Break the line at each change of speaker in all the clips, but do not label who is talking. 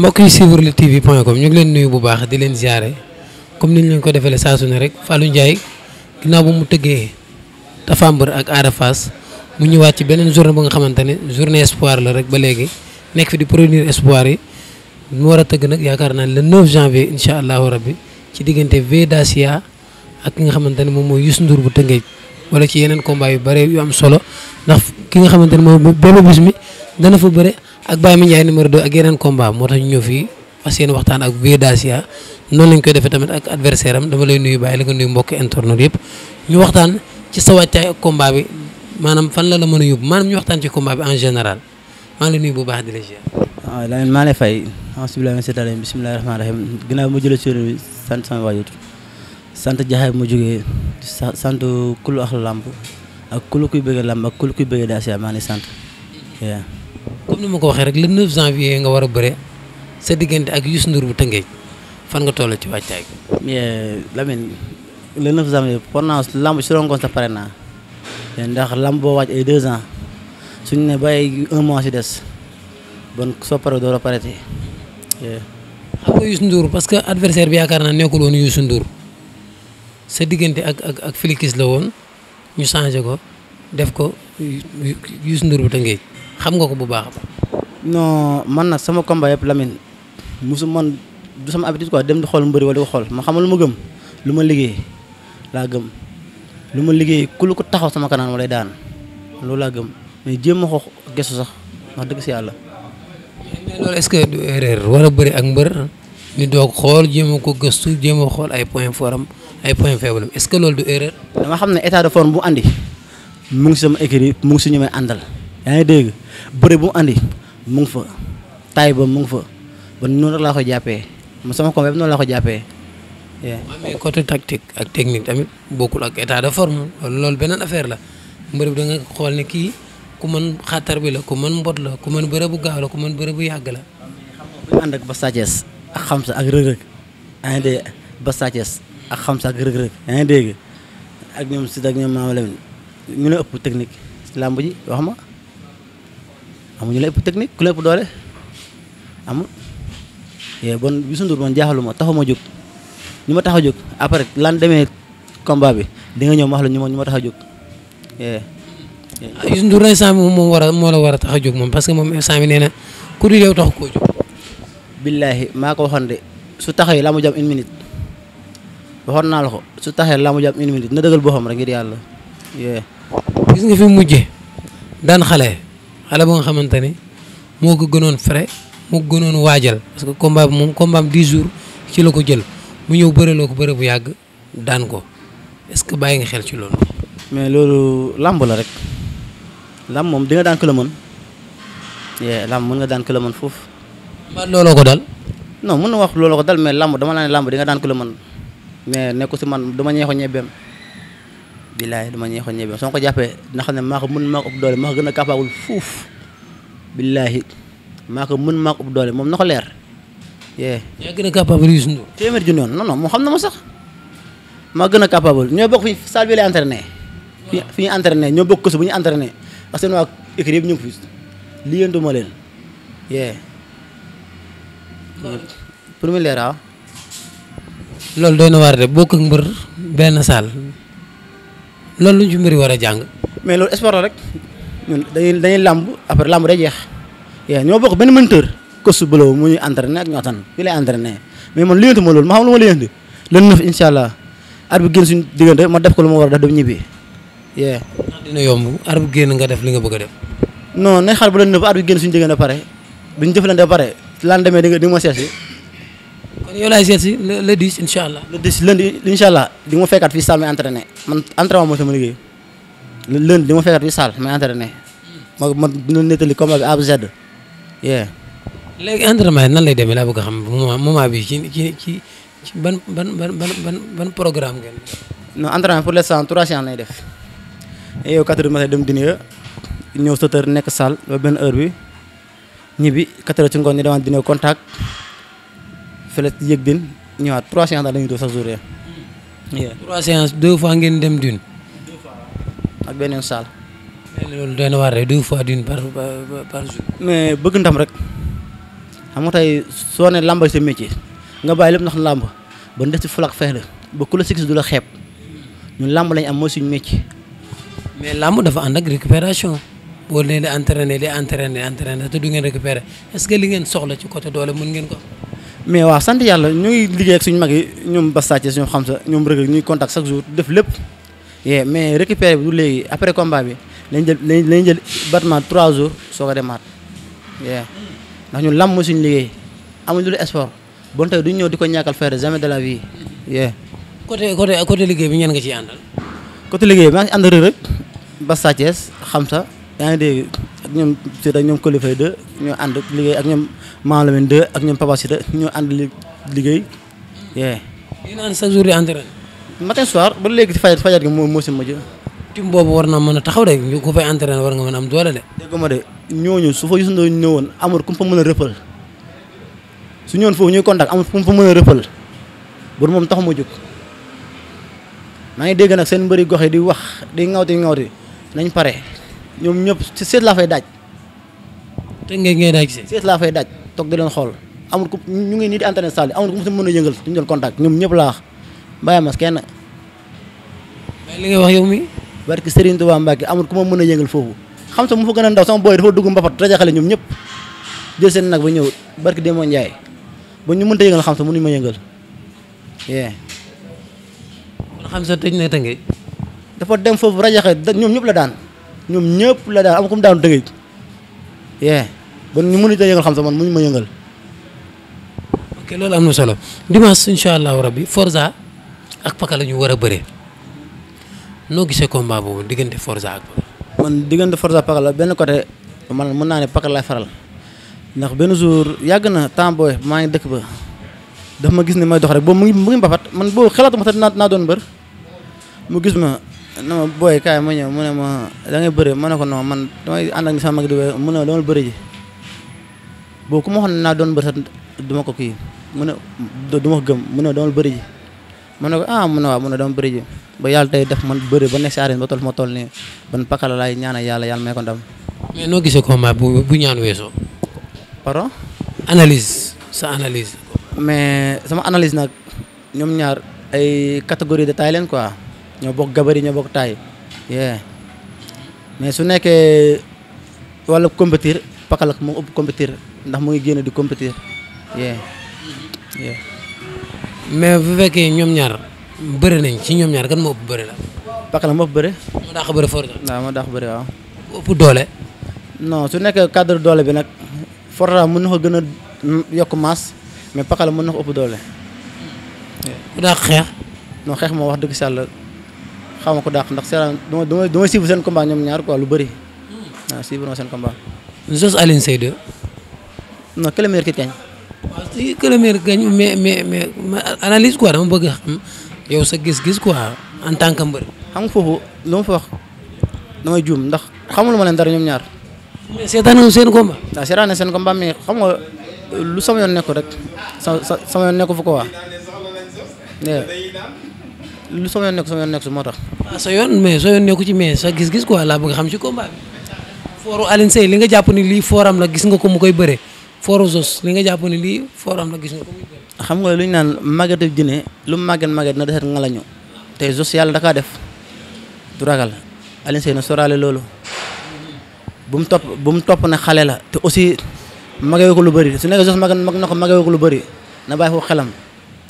mbokk yi suivre Lutte TV point com ñu ngi leen nuyu bu baax di leen ziare comme ni leen ko defee saa su ne rek Fallou Ndiaye ginnaaw ba mu tëggee Tapha Mbeur ak Ada Fass mu ñëwaat ci beneen journée bu nga xamante ne journée espoir la rek ba léegi nekk fi di produire espoir yi mu war a tëgg nag yaakaar naa le 9 janvier incha allahu rabbi ci diggante Vedacia ak ki nga xamante ne moom mooy Youssou Ndour bu Tëngéej wala ci yeneen combat yu bare yu am solo ndax ak Baye Mandiaye numéro 2 ak yeneen combat moo tax ñu ñëw fii fas yéene waxtaan ak Vieux Dacia noonu lañ koy defee tamit ak adversaire am dama lay nuyu Baye la nga nuyu mbokki internet yëpp ñu waxtaan ci sa wàccaay ak combat bi maanaam fan la la mën a yóbbu maanaam ñu waxtaan ci combat bi en général maa ngi lay nuyu bu baax di la ziar.
waaw ah, Lamine maa lay fay bismillahi rahmaani rahim ginnaaw bi ma jëlee suñu bi sant sama sant jaxaay mu jógee sant kulu ak lamb ak kulu
kuy bëgg lamb ak kulu kuy bëgg Dacia maa ngi sant. waaw comme ma ko waxee rek le 9 janvier nga war a bëre sa diggante ak Youssou Ndour bu Tëngéej fan nga toll ci wàccaay gi.
Lamine le 9 janvier pour naa lamb si rongoon sax pare naa ndax lamb boo wàcc ay 2 suñ ne bàyyi un mois si des bon soo paree
doo la xam nga Youssou Ndour parce que adversaire yaakaar naa nekkul woon Youssou Ndour sa diggante ak ak ak Félix la woon ñu changé ko def ko Youssou Ndour bu Tëngéej. xam nga ko bu baax.
non man nag sama combat yëpp Lamine man du sama habitude quoi dem di xool mbëri wala di ko xool ma xamal lu ma gëm lu ma liggéey laa gëm ma liggéey ku ko taxaw sama kanam lay daan loolu laa gëm mais jéem a xoox gesu sax wax dëgg si àlla
mais loolu est-ce que du erreur war a bëri ak mbër ñu doog xool jéem a ko gëstu jéem a xool ay point fort am ay point faible am est-ce que loolu du erreur. dama xam ne état de forme bu andi mu
ngi si sama écrit mu ngi si ñu may àndal. yaa ngi dégg bëre bu mu andi mu ngi fa taay ba mu ngi fa ba noonu rek laa ko jàppee man sama combat bi noonu laa ko jàppee.
mais côté tactique ak technique tamit bokkul ak état de forme loolu beneen affaire la mbërëb da nga xool ne kii ku mën xatar bi la ku mën mbot la ku mën bëre bu gaaw la ku mën bëre bu yàgg la.
xam nga ak ba Sathiès ak Xamsa ak rëg-rëg yaa ak Xamsa ak ak ñoom si ak ñoom Maama Lamine ñu la ëpp technique si làmb ji wax ma. amuñu la ëpp technique ku la ëpp doole amul bon Youssou Ndour man jaaxaluma taxuma jóg ñu ma tax a jóg
après lan demee combat bi di ñëw wax la ñu ma ñu ma a jóg. Ah, Youssou Ndour instant moom war moo la war a tax a jóg moom parce que moom instant bi nee na ku di yow taxu koo jóg. billaahi maa ko waxoon de su taxee laa mu jam une
naa la ko su taxee laa mu jam une minute na dëggal boo xam rek ngir yàlla.
gis nga fi mujjee daan xale. xale ba nga xamante ne moo ko gënoon frais moo ko gënoon waajal parce que combat bi moom combat am 10 jours ci la ko jël mu ñëw bëreloo ko bëre bu yàgg daan ko est-ce que bàyyi nga xel ci loolu.
mais loolu làmb la rek làmb moom di nga daan ko la mën
làmb mën nga daan ko ko dal.
non mën na wax looloo ko dal mais làmb dama la ne làmb di nga daan ko la mën mais nekku si man dama ñeexu ñebbeem. billaay dama ñeexoon ñebe soo ko jàppee na xam ne maa ko mën maa ko ëpp doole maa gën a capable fuuf billaay maa ko mën maa ko doole moom na ko leer. yee.
yaa gën a capable Youssou
Ndour. noonu moom xam na ma sax maa gën a capable ñoo bokk fi salle bi lay entraîné. fi fi ñoo bokk kësu bu ñuy entraîné parce que seen waa écrit yëpp ñu ngi fi liyantu ma leen
yee. pour mu leer ah. loolu doy na waar de bokk ak mbër benn salle. loolu lu ñu ci mbir war a jàng. mais
loolu sport la rek ñun dañuy dañuy làmb après làmb day jeex
yee ñoo bokk benn menteur
coach Bolo mu ñuy entraîné ak ñoo tan ñu lay entraîné mais man liyantu ma loolu ma xam lu ma liyanti le neuf incha allah ar bi génn suñu diggante ma def ko lu ma war a def dem ñibbi.
yee dina yomb at bu génn nga def li nga bëgg a def. non nañ xaar ba le neuf at bi génn suñu diggante ba pare bu ñu jëflante ba
pare lan demee di nga di nga ma seet si
yow laay seet la le le dix incha allah. le dix
lundi incha allah ma fekkaat fii salle may entraîné man entraînement mooy sama ma fekkaat fii salle may entraîné ma ma dina nettali combat A ba Z.
léegi entraînement yi nan lay demee laa a xam moment moment bi ci ci ci ban ban ban
ban ban programme ngeen. non entraînement pour l'instant trois séances lay def yow quatre heures matin dem dîner ñëw nekk salle ba benn heure bi ñibbi quatre ci ngoon ñu demaat dîner contact. fële yëg din ñëwaat trois séances daal la ñuy def chaque jour rek.
trois séances deux fois ngeen dem dune. deux fois ak beneen saal. mais loolu doy na waar rek deux fois dune par jour. mais bëgg ndam rek
xam nga tey soo ne làmba sa métier nga bàyyi lépp ndax làmb ba ndes ci fulak feex la ba ku
la si gis du la xeeb ñun làmb lañ am mooy suñu métier. mais làmb dafa ànd ak récupération boo leen di entraîner di entraîner entraîner te du ngeen récupérer est que li ngeen soxla ci côté doole mun ngeen ko.
mais waaw sant yàlla ñu ngi liggéey ak suñu mag yi ñoom Bas Sathie ñoom xam sa ñoom rëgg ñuy contact chaque jour def lépp yee mais récupéré bi du léegi après combat bi lañ jël lañ jël battement soo ko demaat yee ndax ñun lam moo suñu liggéey amuñ lu sport bon tey duñ ñëw di ko ñàkkal faire jamais de la vie yee
côté côté côté liggéey bi ñeen nga ciy àndal
côté liggéey bi maa ngi ànd rëg rëg Bas Sathie xam yaa ngi dégg ak ñoom Siteu ak ñoom Coly Faye 2 ñoo ànd liggéey ak ñoom Malamine ñoo ànd liggéey.
yéen ànd chaque jour di entraîné. matin soir léegi ci fajar fajar gi moo moo si mujj. boobu war naa mën a taxaw de
ñu ko fay entraîné war nga mën a am doole de. ma ñooñu su fa Youssou Ndoye ñëwoon amul ku mu fa a rëppal su ñëwoon foofu ñuy contact amul ku mu fa mën a rëppal bon moom taxuma jóg maa ngi dégg nag seen mbëri gox yi di wax di ŋawti ŋawti nañ pare. ñoom ñëpp seet laa fay daaj. te ngeen ngay daaj seet. laa fay daaj toog di leen xool amul ku ñu ngi nii di antenne salle amul ku si mën a yëngal duñu doon contact ñoom ñëpp laa wax bàyyi mas li ngay wax yow mi barki Serigne Touba Mbacke amul ku ma mën a yëngal foofu xam sa mu fa gën a ndaw sama booy dafa dugg mbapat rajaxale ñoom ñëpp jël seen nag ba ñëw barki Demba Ndiaye ba ñu mënta yëngal xam sa mënuñu ma yëngal. kon xam sa tëj na dafa dem foofu rajaxe ñoom ñëpp la daan. ñoom ñëpp la daan am comme daanu dëgëj yee ba ñu mënuñu yëngal xam sax man mënuñu ma
yëngal. ok loolu am na solo dimanche incha allahu rabbi Forza ak Paka la ñu war a bëree noo gisee combat boobu diggante Forza ak Paka.
man diggante Forza Paka la benn côté man mën naa ne Paka lay faral ndax benn jour yàgg na temps booy maa ngi dëkk ba dafa ma gis ne may dox rek boobu mu mu ngi mbapat man boobu xalaatuma sax naa naa doon mbër mu gis ma. na ma booy kaay ma ñëw mu ne ma da ngay bëri ne ko non man damay ànd ak sama mag di wéy mu ne dama bëri ji boobu ku ma waxoon naa doon bëri sax ko kii mu ne du ma ko gëm mu ne dama bëri ji ma ne ko ah, mu ne waaw mu ne bëri ji ba yàlla tey def man bëri ba nekk si arène ba toll fu ma toll nii ban pakala laay ñaanal yàlla yàlla may ko ndam.
mais noo gise combat bu bu ñaan weesoo. pardon. analyse sa analyse.
mais sama analise nag ñoom ñaar ay catégorie de taille leen quoi. ñoo bokk gabari ñoo bokk taay mais su nekkee wàllu compétir pakalak mu ëpp compétir ndax mu ngi génn di
competir mais bu fekkee ñoom ñaar bëri nañ ci ñoom ñaar kan moo ëpp bari la pakala moo ëpp moo daax bëri forta waaw moo daax bëri ëpp
doole non su nekkee cadre doole bi nag forta mën na ko gën a yokk maas mais pakala mën na ko ëpp doole bu daax xeex noo xeex moo wax dëgg sàll xaw ma ko dàq ndax seeraan dama dama dama suivre seen combat ñoom ñaar quoi lu bëri hmm. waaw suivre na seen combat.
Zoss Alioune Seye 2. non que le meilleur qui gagne. waaw si que le meilleur gagne mais mais mais analyse quoi dama bëgg xam yow sa gis-gis quoi en tant que mbër. xam nga foofu lu ma fa wax damay juum
ndax xamul ma leen dara ñoom ñaar.
mais seetaan seen combat.
waaw seetaan na seen combat mais xam nga
lu sama yoon nekkul rek sa sa sama yoon nekkul fa ko waa. lu sama yoon nekk sama yoon nekk si moo tax. waaw ah, sa yoon mais sa yoon nekku ci mais sa gis-gis quoi laa bëgg xam ci combat bi. fooru Alioune Seye li nga jàpp ni lii fooram la gis nga ko mu koy bëre fooru Zos li nga jàpp ni lii fooram la gis nga ko muy bëre. xam nga lu ñu naan màggat ak jinne lu mu màggat màggat na
deset nga la ñu tey Zos yàlla da kaa def du ragal Alioune na soraale loolu bu mu topp bu mu topp ne xale la te aussi magewee ko lu bëri su nekkee Zos mag mag na ko ko lu bari na bàyyi foofu xelam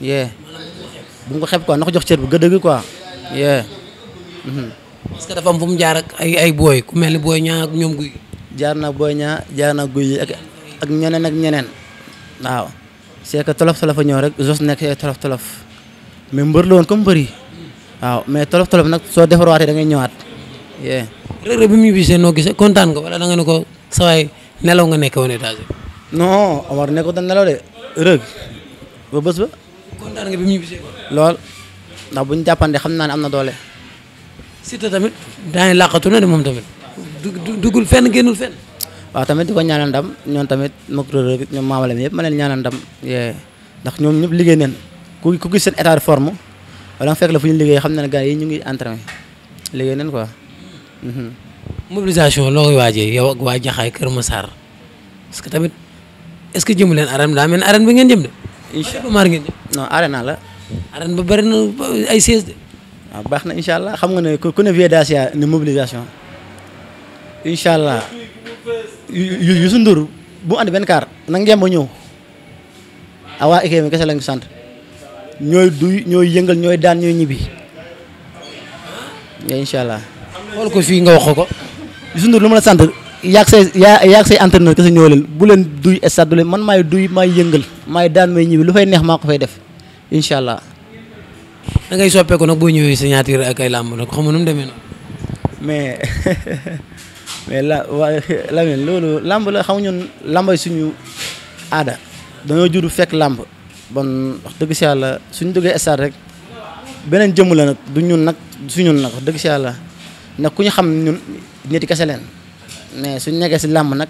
yee. bu mu ko xeeb na ko jox cër bu gëdd gi quoi.
parce mm-hmm. que dafa am fu mu jaar ak ay ay booy ku mel ni booy ñaa ak ñoom guy. jaar na booy ñaa jaar na guy ak ñeneen ak ñeneen
waaw. c'est que tolof tolof a ñëw rek jos nekk ay tolof tolof mais mbër loon woon comme yi waaw mais tolof tolof nag soo defarwaatee da ngay ñëwaat.
Reug Reug bi mu gisee noo gisee kontaan nga wala da nga ne ko sawaay nelaw nga nekk woon
da nelaw de ba bés kontaan nga bi mu ñibbisee lool ndax bu ñu jàppande xam naan am na doole. Siteu tamit daañu làqatu na de moom tamit.
duggul fenn génnul fenn.
waaw tamit di ko ñaanal ndam ñoom tamit mook Reug Reug ñoom maamale mi yëpp ma leen ñaanal ndam ndax ñoom ñëpp liggéey neen ku gis seen état de forme wala nga fekk la fu ñu liggéey xam na ne gars yi ñu ngi entraîné liggéey neen quoi. Mm-hmm.
mobilisation loo koy waajee yow ak waa Jaxaay Kër Massar parce que tamit est-ce que jëmu leen arène daa mel ne arène bi ngeen jëm de. incha allah maar ngeen jëm non arena la. arena ba bëri na
ay siège de. waaw ah, baax na incha allah xam nga ne ku ne vie d'Asia ne mobilisation incha allah Youssou Ndour bu andi benn kaar na ngeen ba ñëw awaa ah, équipe bi kese lañu sant ñooy duy ñooy yëngal ñooy daan ñooy ñibbi incha allah. xool ko fii nga wax ko Youssou Ndour lu ma la sant. yaag say yaa yaag say entraîneur kese ñoo leen bu leen duy stade du leen man maay duy maay yëngal maay daan may ñibbi lu fay neex maa ko fay def incha allah.
dangay soppeeku nag boo ñëwee signature ak ay làmb nag xam nga nu mu demee
la waaye Lamine loolu làmb la xam ñun suñu aada dañoo juddu fekk làmb bon wax dëgg si yàlla suñu duggee rek beneen jëmm nag du ñun nag suñun nag wax dëgg si ku ñu xam ñun ñetti kese leen. mais suñ nekkee si làmb nag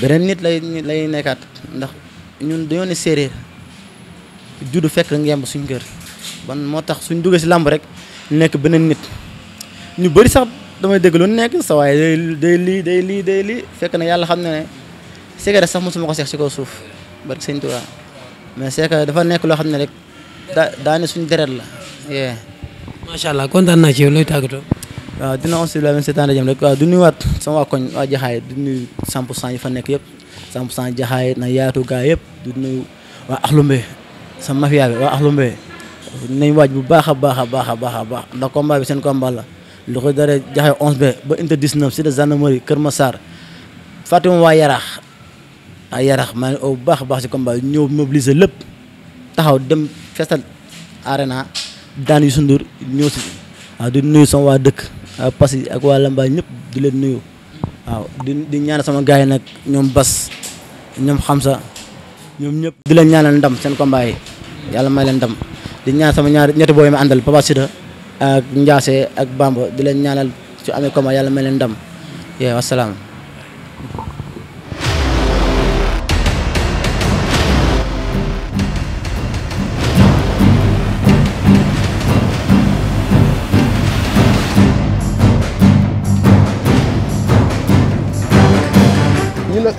beneen nit lay lay nekkaat ndax ñun dañoo ne séeréer juddu fekk ngemb suñ kër ban moo tax suñ duggee si làmb rek nekk beneen nit ñu bëri sax damay dégg lu nekk sa waaye day day lii day lii fekk na yàlla xam na ne secret sax mosuma ko seex si ko suuf barke sëñ Tuubaa mais c'est que dafa nekk loo xam ne rek daa daane suñu deret la.
macha allah kontaan naa ci tàggatoo.
waaw dina on si la même seetaan rajëm rek waaw du nuyuwaat sama waa koñ waa jaxaay du nuyu 100 yi fa nekk yëpp 100 pour cent jaxaay yëpp du nuyu waa axlumbe sama mafia bi bu baax a baax a baax a baax a baax ndax combat bi seen combat la lu ko daree ba ba inter 19 si de Kër Massar fàttali ma waa Yaraax ay bu baax baax si combat ñëw mobiliser lépp taxaw dem festal arena daan yu sundur di nuyu sama waa dëkk Euh, ak que ak waa Lambaay ñëpp di leen nuyo waaw di di ñaanal sama gars nag ñoom Bas ñoom Xamsa ñoom ñëpp di leen ñaanal ndam seen combat yi yàlla may leen ndam di ñaan sama ñaari ñetti booy ma àndal Papa Sida ak Ndiasse ak Bamba di leen ñaanal su amee combat yàlla may leen ndam yee wasalaam